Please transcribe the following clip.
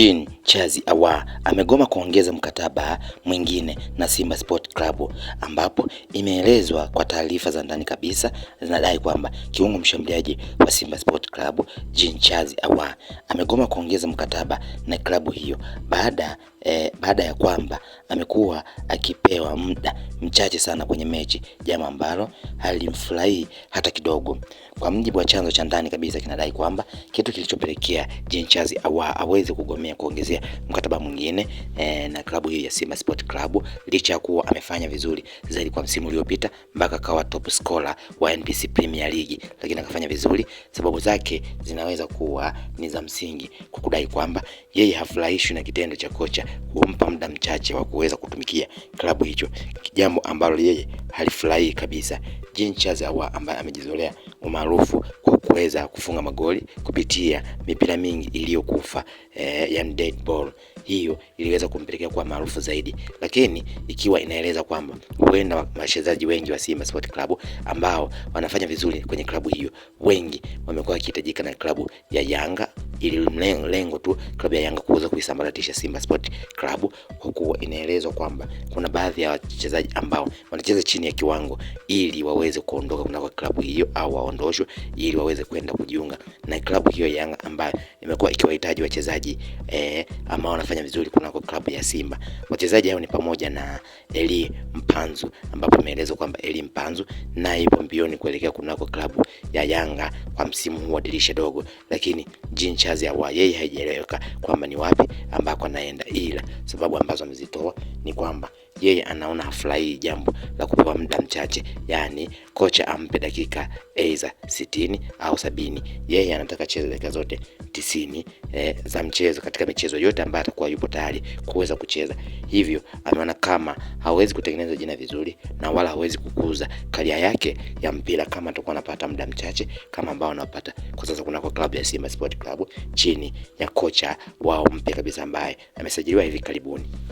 Jean Chazi Awa amegoma kuongeza mkataba mwingine na Simba Sport Club, ambapo imeelezwa kwa taarifa za ndani kabisa zinadai kwamba kiungo mshambuliaji wa Simba Sport Club Jean Chazi Awa amegoma kuongeza mkataba na klabu hiyo baada eh, baada ya kwamba amekuwa akipewa muda mchache sana kwenye mechi, jambo ambalo halimfurahii hata kidogo. Kwa mjibu wa chanzo cha ndani kabisa, kinadai kwamba kitu kilichopelekea Jean Charles awa aweze kugomea kuongezea mkataba mwingine eh, na klabu hiyo ya Simba Sport Club, licha ya kuwa amefanya vizuri zaidi kwa msimu uliopita mpaka akawa top scorer wa NBC Premier League, lakini akafanya vizuri. Sababu zake zinaweza kuwa ni za msingi kwa kudai kwamba yeye hafurahishwi na kitendo cha kocha humpa muda mchache wa kuweza kutumikia klabu hicho, jambo ambalo yeye halifurahii kabisa. Jean Ahoua ambaye amejizolea umaarufu kwa kuweza kufunga magoli kupitia mipira mingi iliyokufa eh, yani dead ball, hiyo iliweza kumpelekea kuwa maarufu zaidi, lakini ikiwa inaeleza kwamba huenda wachezaji wengi wa Simba Sport Club ambao wanafanya vizuri kwenye klabu hiyo, wengi wamekuwa wakihitajika na klabu ya Yanga ili mlengo, lengo tu klabu ya Yanga kuweza kuisambaratisha Simba Sport Club, kwa kuwa inaelezwa kwamba kuna baadhi ya wachezaji ambao wanacheza chini ya kiwango ili waweze kuondoka kunako klabu hiyo au waondoshwe ili waweze kwenda kujiunga na klabu hiyo Yanga ambayo imekuwa ikiwahitaji wachezaji eh, ambao wanafanya vizuri kunako klabu ya Simba. Wachezaji hao ni pamoja na Eli Mpanzu, ambapo imeelezwa kwamba Eli Mpanzu na ipo mbioni kuelekea kunako klabu ya Yanga kwa msimu huu wa dirisha dogo, lakini Jean Charles Ahoua yeye haijaeleweka kwamba ni wapi ambako anaenda, ila sababu ambazo amezitoa ni kwamba yeye anaona hafurahii jambo la kupewa muda mchache, yani kocha ampe dakika aidha eh, sitini au sabini. Yeye anataka cheze dakika zote tisini eh, za mchezo katika michezo yote ambayo atakuwa yupo tayari kuweza kucheza. Hivyo ameona kama hawezi kutengeneza jina vizuri na wala hawezi kukuza karia yake ya mpira kama atakuwa anapata muda mchache kama ambao anapata kwa sasa kuna kwa klabu ya Simba Sport Club chini ya kocha wao mpya kabisa ambaye amesajiliwa hivi karibuni.